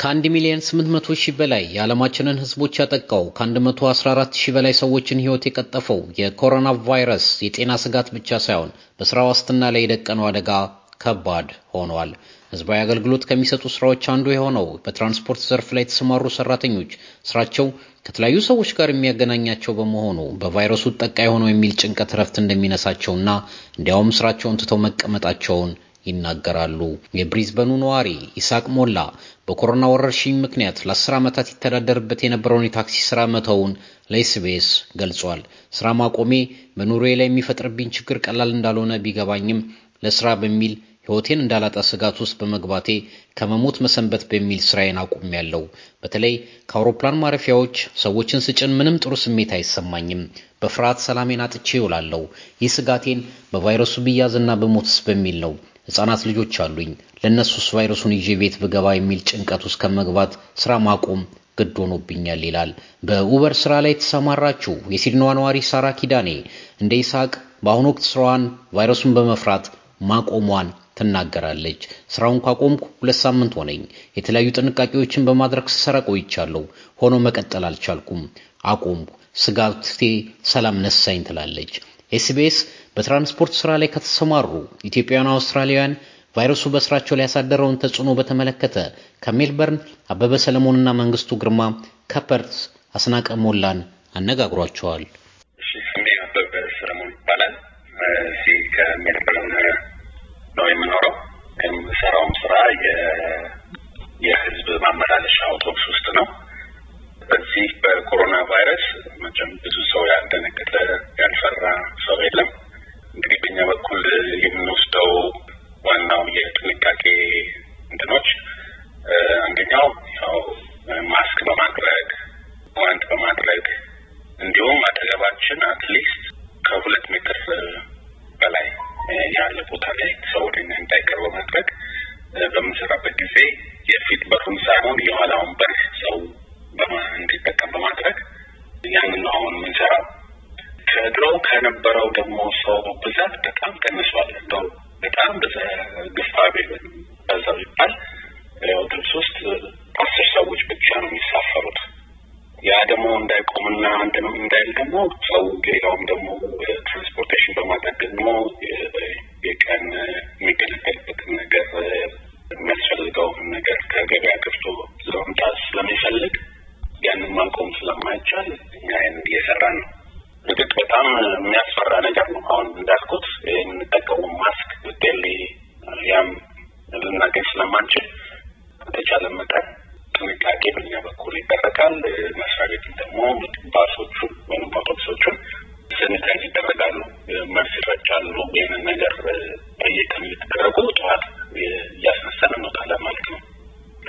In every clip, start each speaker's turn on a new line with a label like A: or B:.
A: ከአንድ ሚሊዮን 800 ሺህ በላይ የዓለማችንን ህዝቦች ያጠቃው ከ114 ሺህ በላይ ሰዎችን ህይወት የቀጠፈው የኮሮና ቫይረስ የጤና ስጋት ብቻ ሳይሆን በስራ ዋስትና ላይ የደቀነው አደጋ ከባድ ሆኗል። ህዝባዊ አገልግሎት ከሚሰጡ ስራዎች አንዱ የሆነው በትራንስፖርት ዘርፍ ላይ የተሰማሩ ሰራተኞች ስራቸው ከተለያዩ ሰዎች ጋር የሚያገናኛቸው በመሆኑ በቫይረሱ ጠቃ የሆነው የሚል ጭንቀት እረፍት እንደሚነሳቸውና እንዲያውም ስራቸውን ትተው መቀመጣቸውን ይናገራሉ። የብሪዝበኑ ነዋሪ ኢሳቅ ሞላ በኮሮና ወረርሽኝ ምክንያት ለአስር ዓመታት ይተዳደርበት የነበረውን የታክሲ ስራ መተውን ለኤስቢኤስ ገልጿል። ስራ ማቆሜ በኑሮዬ ላይ የሚፈጥርብኝ ችግር ቀላል እንዳልሆነ ቢገባኝም ለስራ በሚል ሕይወቴን እንዳላጣ ስጋት ውስጥ በመግባቴ ከመሞት መሰንበት በሚል ስራዬን አቁሜያለሁ። በተለይ ከአውሮፕላን ማረፊያዎች ሰዎችን ስጭን ምንም ጥሩ ስሜት አይሰማኝም። በፍርሃት ሰላሜን አጥቼ ይውላለሁ። ይህ ስጋቴን በቫይረሱ ብያዝና በሞትስ በሚል ነው። ህጻናት ልጆች አሉኝ። ለእነሱስ ቫይረሱን ይዤ ቤት ብገባ የሚል ጭንቀት ውስጥ ከመግባት ስራ ማቆም ግድ ሆኖብኛል ይላል። በኡበር ስራ ላይ የተሰማራችው የሲድናዋ ነዋሪ ሳራ ኪዳኔ እንደ ይስሐቅ በአሁኑ ወቅት ስራዋን ቫይረሱን በመፍራት ማቆሟን ትናገራለች። ስራውን ካቆምኩ ሁለት ሳምንት ሆነኝ። የተለያዩ ጥንቃቄዎችን በማድረግ ስሰራ ቆይቻለሁ። ሆኖ መቀጠል አልቻልኩም፣ አቆምኩ። ስጋቴ ሰላም ነሳኝ ትላለች። ኤስቢኤስ በትራንስፖርት ስራ ላይ ከተሰማሩ ኢትዮጵያውያን አውስትራሊያውያን ቫይረሱ በስራቸው ላይ ያሳደረውን ተጽዕኖ በተመለከተ ከሜልበርን አበበ ሰለሞንና መንግስቱ ግርማ ከፐርት አስናቀ ሞላን አነጋግሯቸዋል።
B: ስሜ አበበ ሰለሞን ይባላል። እዚህ ከሜልበርን ነው የምኖረው። የምሰራውም ስራ የህዝብ ማመላለሻ አውቶቡስ ውስጥ ነው። በዚህ በኮሮና ቫይረስ መቼም ብዙ ሰው በማድረግ በምንሰራበት ጊዜ የፊት በሩን ሳይሆን የኋላውን በር ሰው እንዲጠቀም በማድረግ ያንን አሁን የምንሰራው። ከድሮው ከነበረው ደግሞ ሰው ብዛት በጣም ቀንሷል። እንደው በጣም ግፋ በዛ ይባል አውቶቡስ ውስጥ አስር ሰዎች ብቻ ነው የሚሳፈሩት። ያ ደግሞ እንዳይቆምና አንድ ነው እንዳይል ደግሞ ሰው ሌላውም ደግሞ ትራንስፖርቴሽን በማድረግ ደግሞ የቀን ገበያ ከፍቶ ለመምጣት ስለሚፈልግ ያንን ማቆም ስለማይቻል እኛ ይህን እየሰራን ነው። እርግጥ በጣም የሚያስፈራ ነገር ነው። አሁን እንዳልኩት የምንጠቀሙ ማስክ ዴሊ ያም ልናገኝ ስለማንችል በተቻለ መጠን ጥንቃቄ በኛ በኩል ይደረጋል። መስሪያ ቤትን ደግሞ ባሶቹ ወይም አውቶቡሶቹን ስንታይዝ ይደረጋሉ፣ መርስ ይረጫሉ። ይህንን ነገር በየቀኑ እየተደረጉ ጠዋት እያስነሳን እንወጣለን ማለት ነው።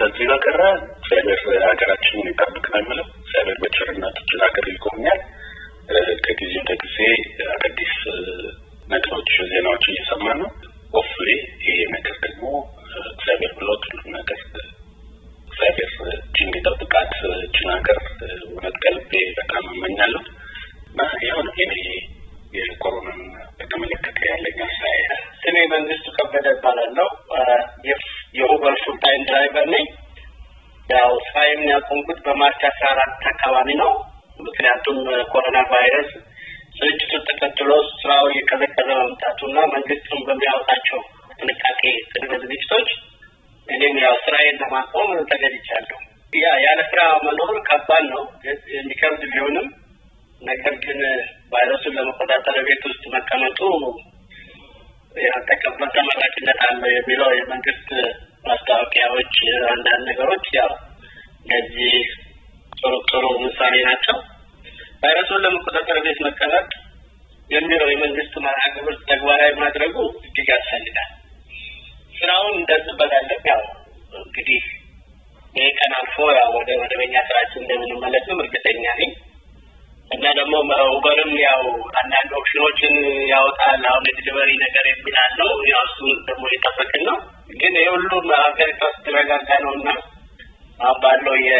B: ከዚህ በቀረ እግዚአብሔር ሀገራችንን ይጠብቅ ነው የምለው። እግዚአብሔር በቸርነቱ ሀገር ይቆኛል። ከጊዜ ወደ ጊዜ አዳዲስ ነገሮች፣ ዜናዎች እየሰማ ነው። ሆፕፉሊ ይሄ ነገር ማርች አስራ አራት አካባቢ ነው። ምክንያቱም ኮሮና ቫይረስ ስርጭቱን ተከትሎ ስራው እየቀዘቀዘ መምጣቱና መንግስትም በሚያወጣቸው ጥንቃቄ ቅድመ ዝግጅቶች እኔም ያው ስራዬን ለማቆም ተገድቻለሁ። ያ ያለ ስራ መኖር ከባድ ነው፣ የሚከብድ ቢሆንም ነገር ግን ቫይረሱን ለመቆጣጠር ቤት ውስጥ መቀመጡ ያጠቀበት ተመራጭነት አለው የሚለው የመንግስት ማስታወቂያዎች፣ አንዳንድ ነገሮች ያው ለዚህ ጥሩ ጥሩ ምሳሌ ናቸው። ቫይረሱን ለመቆጣጠር ቤት መቀመጥ የሚለው የመንግስት መርሃ ግብር ተግባራዊ ማድረጉ እጅግ ያስፈልጋል። ስራውን እንደጽበታለን። ያው እንግዲህ ይህ ቀን አልፎ ያው ወደ መደበኛ ስራችን እንደምንመለስም እርግጠኛ ነኝ እና ደግሞ መውበርም ያው አንዳንድ ኦፕሽኖችን ያወጣል። አሁን የዲሊቨሪ ነገር የሚል አለው። ያው እሱ ደግሞ የጠበቅን ነው። ግን ይህ ሁሉም ሀገሪቷ ስትረጋጋ ነው እና አሁን ባለው የ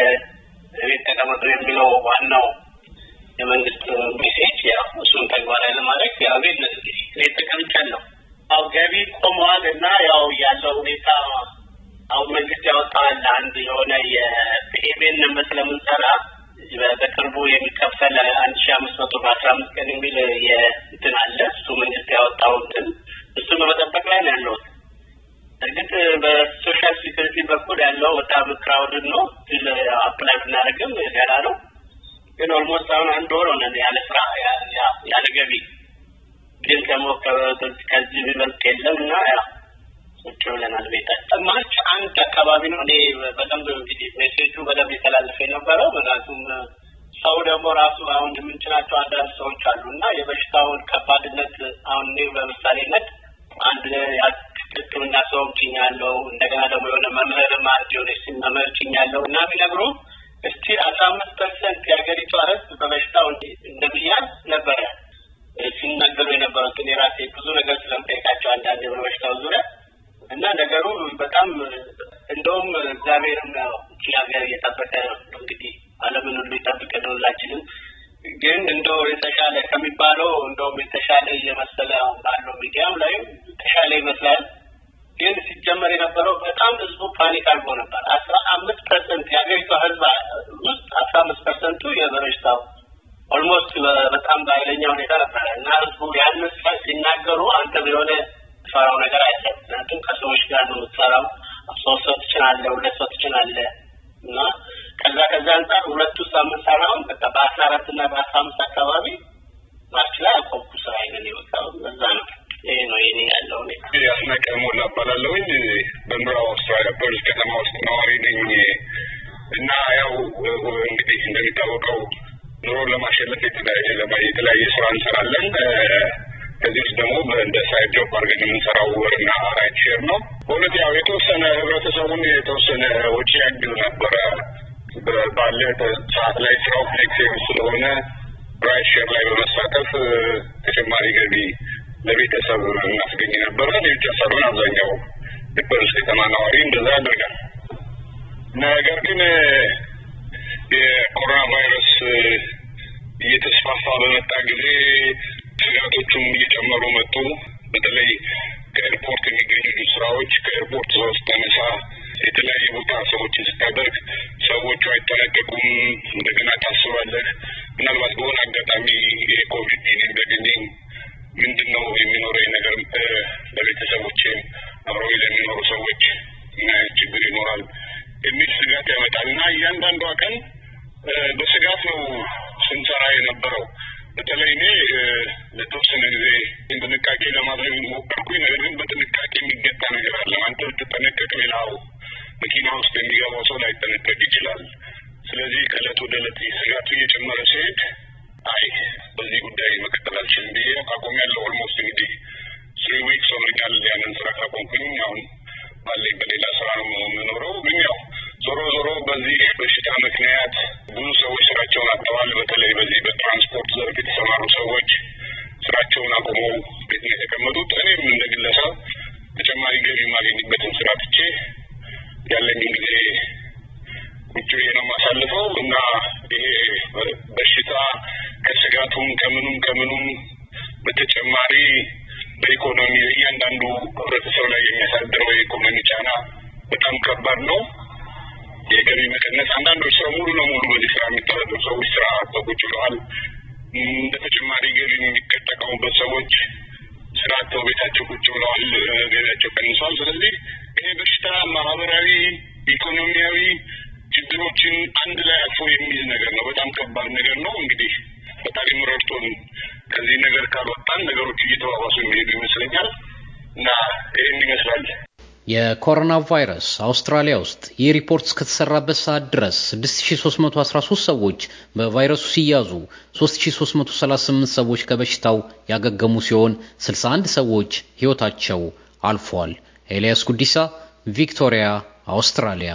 B: ለቤት ተቀመጡ የሚለው ዋናው የመንግስት ሜሴጅ ያው እሱን ተግባራዊ ለማድረግ ያው ቤት ነው እንግዲህ ቤት ተቀምጫለሁ። ገቢ ቆመዋል እና ያው ያለው ሁኔታ አሁን መንግስት ያወጣዋል አንድ የሆነ የፒኤቤን ነበር ስለምንሰራ በቅርቡ የሚከፈል አንድ ሺ አምስት መቶ በአስራ አምስት ቀን የሚል የእንትን አለ እሱ መንግስት ያወጣው እንትን እሱን በመጠበቅ ላይ ነው ያለሁት። እርግጥ በሶሻል ሴኩሪቲ በኩል ያለው በጣም ክራውድን ነው ግን አፕላይ ብናደርግም ገና ነው። ግን ኦልሞስት አሁን አንድ ወር ሆነ ያለ ስራ ያለ ገቢ። ግን ከዚህ የሚበልጥ የለም እና ያ ቁጭ ብለናል ቤታችን። ማርች አንድ አካባቢ ነው እኔ በደንብ እንግዲህ ሜሴጁ በደንብ የተላለፈ የነበረው ምክንያቱም ሰው ደግሞ ራሱ አሁን የምንችላቸው አንዳንድ ሰዎች አሉ እና የበሽታውን ከባድነት አሁን እኔ በምሳሌነት አንድ ሕክምና ሰው ጭኛለሁ እንደገና ደግሞ የሆነ መምህርም አንድ የሆነ ስም መምህር ጭኛለሁ እና ቢነግሩ እስቲ አስራ አምስት ፐርሰንት የሀገሪቷ ህዝብ በበሽታው እንደሚያዝ ነበረ ሲናገሩ የነበሩት። እኔ ራሴ ብዙ ነገር ስለምጠይቃቸው አንዳንድ በበሽታው ዙሪያ እና ነገሩ በጣም እንደውም እግዚአብሔርም እቺ ሀገር እየጠበቀ ነው እንግዲህ አለምን ሁሉ ይጠብቅ ነው ሁላችንም። ግን እንደ የተሻለ ከሚባለው እንደውም የተሻለ እየመሰለ ባለው ሚዲያም ላይም የተሻለ ይመስላል። ግን ሲጀመር የነበረው በጣም ህዝቡ ፓኒክ አድርጎ ነበር። አስራ አምስት ፐርሰንት የአገሪቷ ህዝብ ውስጥ አስራ አምስት ፐርሰንቱ የበረሽታው ኦልሞስት በጣም በኃይለኛ ሁኔታ ነበረ እና ህዝቡ ያን ሲናገሩ አንተም የሆነ ፈራው ነገር አለ። ምክንያቱም ከሰዎች ጋር ነው የምትሰራው። ሶስት ሰው ትችላለህ፣ ሁለት ሰው ትችላለህ እና ከዛ ከዛ አንጻር ሁለቱ ሳምንት ሳይሆን በቃ በአስራ አራት እና በአስራ አምስት አካባቢ ማርች ላይ አቆምኩ ስራ ይንን የወጣው በዛ ነው ይሄ ነው ይሄ ያለው ሁኔታ። አስናቀ ሞላ እባላለሁኝ በምዕራብ አውስትራሊያ ፐርዝ ከተማ ውስጥ ነዋሪ ነኝ እና ያው እንግዲህ እንደሚታወቀው ኑሮን ለማሸነፍ የተለያየ ስራ እንሰራለን። ከዚህ ውስጥ ደግሞ እንደ ሳይድ ጆብ አድርገን የምንሰራው ወርና ራይት ሼር ነው። በእውነት ያው የተወሰነ ህብረተሰቡን የተወሰነ ወጪ ያግዝ ነበረ። ባለ ሰዓት ላይ ስራው ፍሌክሲብል ስለሆነ ራይት ሼር ላይ በመሳተፍ ተጨማሪ ገቢ ለቤተሰቡ እናስገኝ ነበረ። ቤተሰቡን አብዛኛው ድበር ውስጥ ከተማ ነዋሪ እንደዛ ያደርጋል። ነገር ግን የኮሮና ቫይረስ እየተስፋፋ በመጣ ጊዜ ስጋቶቹም እየጨመሩ መጡ። በተለይ ከኤርፖርት የሚገኙ ስራዎች ከኤርፖርት ሰዎች ተነሳ የተለያዩ ቦታ ሰዎችን ስታደርግ ሰዎቹ አይጠነቀቁም። እንደገና ታስባለህ ምናልባት በሆነ አጋጣሚ የኮቪድ ሲኔን ምንድን ነው የሚኖረኝ ነገር በቤተሰቦቼም አብረው ለሚኖሩ ሰዎች ምን ችግር ይኖራል የሚል ስጋት ያመጣል እና እያንዳንዷ ቀን በስጋት ነው ስንሰራ የነበረው። በተለይ እኔ ለተወሰነ ጊዜ ጥንቃቄ ለማድረግ ሞከርኩኝ። ነገር ግን በጥንቃቄ የሚገጣ ነገር አለ። አንተ ብትጠነቀቅ፣ ሌላው መኪና ውስጥ የሚገባው ሰው ላይጠነቀቅ ይችላል። ስለዚህ ከእለት ወደ እለት ስጋቱ እየጨመረ ሲሄድ አይ በዚህ ጉዳይ መቀጠል አልችልም ብዬ አቁሜያለሁ። ኦልሞስት እንግዲህ ስሪ ዊክስ ሆኖኛል ያንን ስራ ካቆምኩኝ። አሁን ባለኝ በሌላ ስራ ነው የምኖረው። ግን ያው ዞሮ ዞሮ በዚህ በሽታ ምክንያት ብዙ ሰዎች ስራቸውን አጥተዋል። በተለይ በዚህ በትራንስፖርት ዘርፍ የተሰማሩ ሰዎች ስራቸውን አቁመው ቤት ነው የተቀመጡት። እኔም እንደ ግለሰብ ተጨማሪ ገቢ የማገኝበትን ስራ ትቼ ያለኝን ጊዜ ቁጭ ብዬ ነው የማሳልፈው እና ይሄ በሽታ ከስጋቱም ከምኑም ከምኑም በተጨማሪ በኢኮኖሚ እያንዳንዱ ህብረተሰብ ላይ የሚያሳድረው የኢኮኖሚ ጫና በጣም ከባድ ነው። የገቢ መቀነስ፣ አንዳንዶች ስራ ሙሉ ለሙሉ በዚህ ስራ የሚተዳደሩ ሰዎች ስራ አጥተው ቁጭ ብለዋል። እንደ ተጨማሪ ገቢ የሚጠቀሙበት ሰዎች ስራ አጥተው ቤታቸው ቁጭ ብለዋል። ገቢያቸው ቀንሷል። ስለዚህ ይሄ በሽታ ማህበራዊ፣ ኢኮኖሚያዊ ችግሮችን አንድ ላይ አልፎ የሚይዝ ነገር ነው። በጣም ከባድ ነገር ነው እንግዲህ ረድቶን ከዚህ ነገር ካልወጣን ነገሮች እየተባባሱ የሚሄዱ ይመስለኛል እና ይህን ይመስላል።
A: የኮሮና ቫይረስ አውስትራሊያ ውስጥ ይህ ሪፖርት እስከተሰራበት ሰዓት ድረስ 6313 ሰዎች በቫይረሱ ሲያዙ 3338 ሰዎች ከበሽታው ያገገሙ ሲሆን 61 ሰዎች ሕይወታቸው አልፏል። ኤልያስ ጉዲሳ ቪክቶሪያ፣ አውስትራሊያ